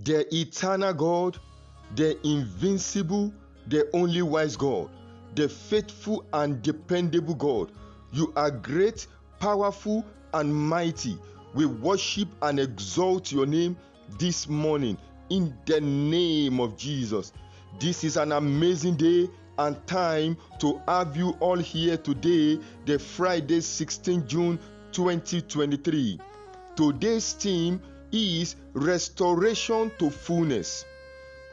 the eternal God, the invincible, the only wise God, the faithful and dependable God. You are great, powerful, and mighty. We worship and exalt your name this morning in the name of Jesus. This is an amazing day and time to have you all here today, the Friday, 16 June 2023. Today's theme is restoration to fullness.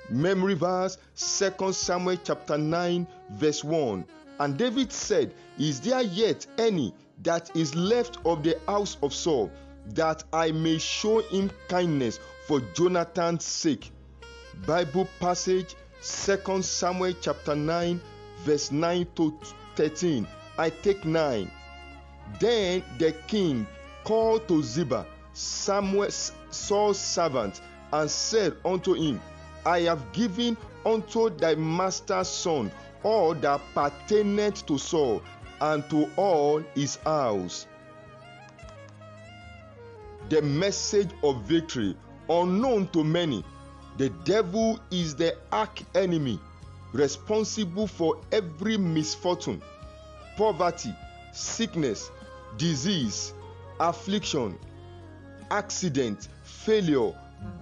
Memory verse 2 Samuel chapter 9 verse 1. And David said, Is there yet any that is left of the house of Saul that I may show him kindness for Jonathan's sake? Bible passage 2 Samuel chapter 9 verse 9 to 13. I take 9. Then the king called to Ziba, Samuel, Saul's servant, and said unto him, I have given unto thy master's son all that pertaineth to Saul and to all his house. The message of victory, unknown to many, the devil is the arch enemy responsible for every misfortune, poverty, sickness, disease, affliction, accident, failure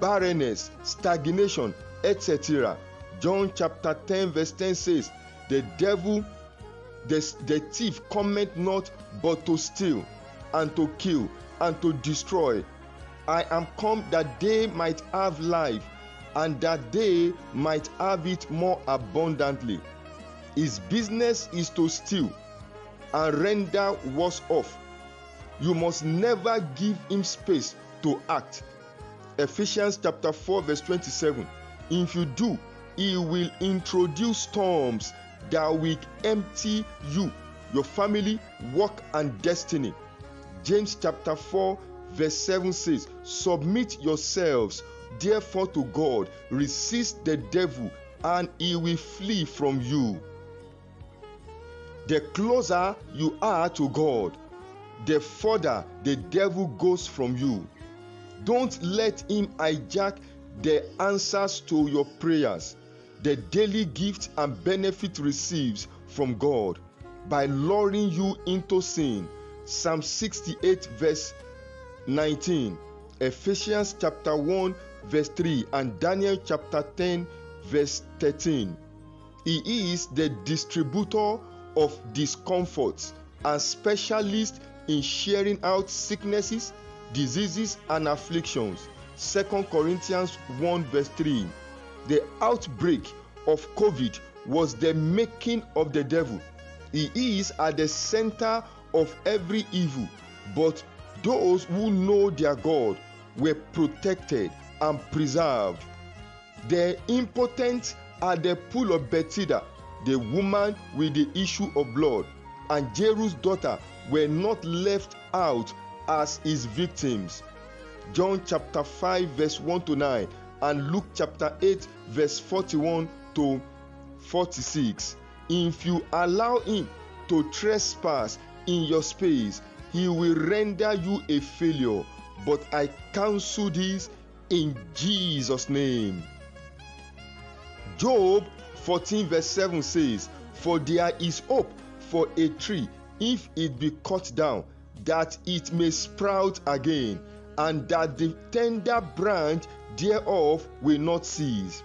barrenness stagnation etc john chapter ten verse ten says the devil the, the thief cometh not but to steal and to kill and to destroy i am come that they might have life and that they might have it more abundantly his business is to steal and render worse off you must never give him space to act Ephesians chapter 4, verse 27. If you do, he will introduce storms that will empty you, your family, work, and destiny. James chapter 4, verse 7 says, Submit yourselves therefore to God, resist the devil, and he will flee from you. The closer you are to God, the further the devil goes from you. Don't let him hijack the answers to your prayers, the daily gift and benefit receives from God by luring you into sin. Psalm 68 verse 19, Ephesians chapter 1 verse 3 and Daniel chapter 10 verse 13. He is the distributor of discomforts and specialist in sharing out sicknesses diseases and afflictions 2 Corinthians 1 verse 3. The outbreak of COVID was the making of the devil. He is at the center of every evil, but those who know their God were protected and preserved. The impotent at the pool of Bethesda, the woman with the issue of blood, and Jeru's daughter were not left out as his victims. John chapter five verse one to nine, and Luke chapter eight verse forty one to forty six. If you allow him to trespass in your space, he will render you a failure. But I counsel this in Jesus' name. Job fourteen verse seven says, For there is hope for a tree if it be cut down that it may sprout again, and that the tender branch thereof will not cease.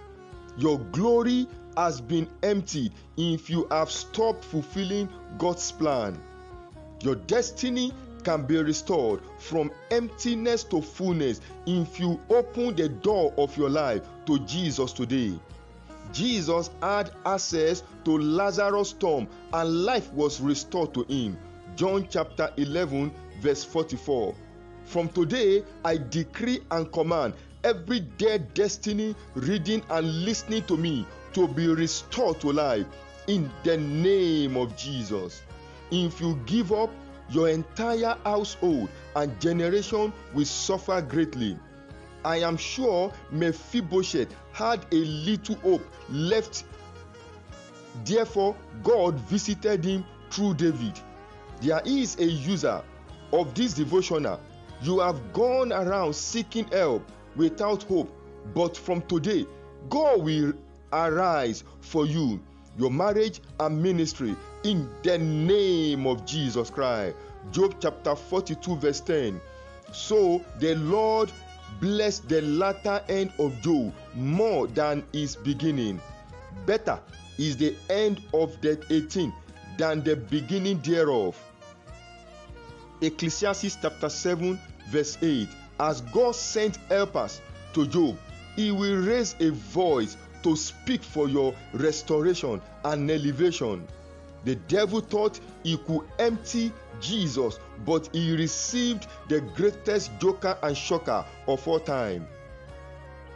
Your glory has been emptied if you have stopped fulfilling God's plan. Your destiny can be restored from emptiness to fullness if you open the door of your life to Jesus today. Jesus had access to Lazarus' tomb and life was restored to him. John chapter 11, verse 44. From today, I decree and command every dead destiny reading and listening to me to be restored to life in the name of Jesus. If you give up, your entire household and generation will suffer greatly. I am sure Mephibosheth had a little hope left. Therefore, God visited him through David. there is a user of this devotional. You have gone around seeking help without hope, but from today, God will arise for you, your marriage and ministry in the name of Jesus Christ. Job chapter 42, verse 10. So the Lord blessed the latter end of Job more than his beginning. Better is the end of that 18 than the beginning thereof. Ecclesiastes chapter seven, verse eight: As God sent helpers to Job, he will raise a voice to speak for your restoration and elevation. The devil thought he could empty Jesus, but he received the greatest joker and shocker of all time.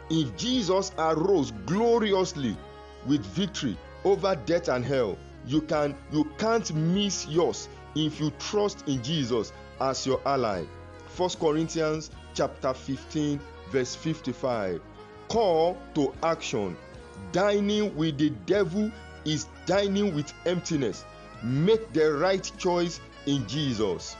If Jesus arose gloriously with victory over death and hell, you can you can't miss yours if you trust in Jesus as your ally. 1 Corinthians chapter 15 verse 55. Call to action. Dining with the devil is dining with emptiness. Make the right choice in Jesus.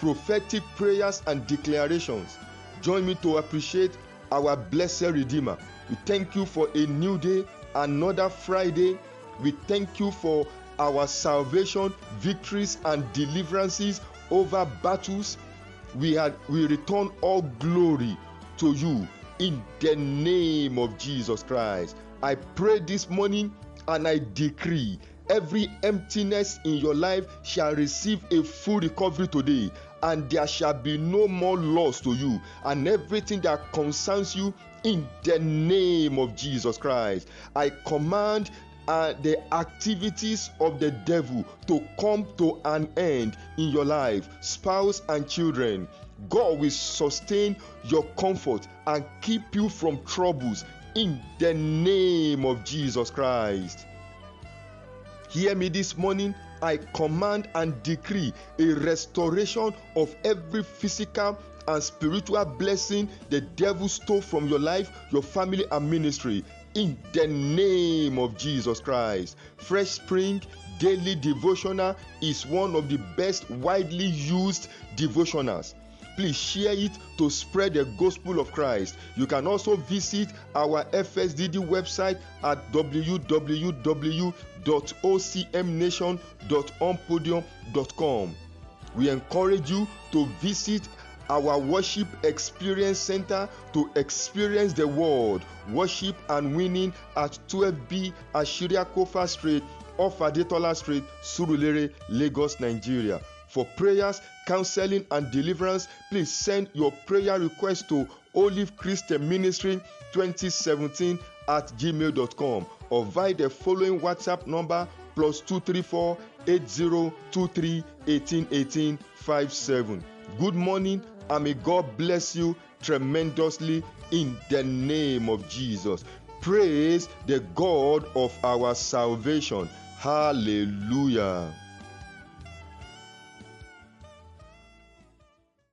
Prophetic prayers and declarations. Join me to appreciate our blessed Redeemer. We thank you for a new day, another Friday. We thank you for our salvation, victories, and deliverances over battles, we, had, we return all glory to you in the name of Jesus Christ. I pray this morning and I decree every emptiness in your life shall receive a full recovery today and there shall be no more loss to you and everything that concerns you in the name of Jesus Christ. I command are the activities of the devil to come to an end in your life, spouse, and children. God will sustain your comfort and keep you from troubles in the name of Jesus Christ. Hear me this morning. I command and decree a restoration of every physical and spiritual blessing the devil stole from your life, your family, and ministry in the name of Jesus Christ. Fresh Spring Daily Devotional is one of the best widely used devotionals. Please share it to spread the gospel of Christ. You can also visit our FSDD website at www.ocmnation.onpodium.com. We encourage you to visit our worship experience center to experience the world worship and winning at 12b Ashiria ashiriakofa street off adetola street surulere lagos nigeria for prayers counseling and deliverance please send your prayer request to olive christian ministry 2017 at gmail.com or via the following whatsapp number plus 234 8023 1818 57. Good morning and may God bless you tremendously in the name of Jesus. Praise the God of our salvation. Hallelujah.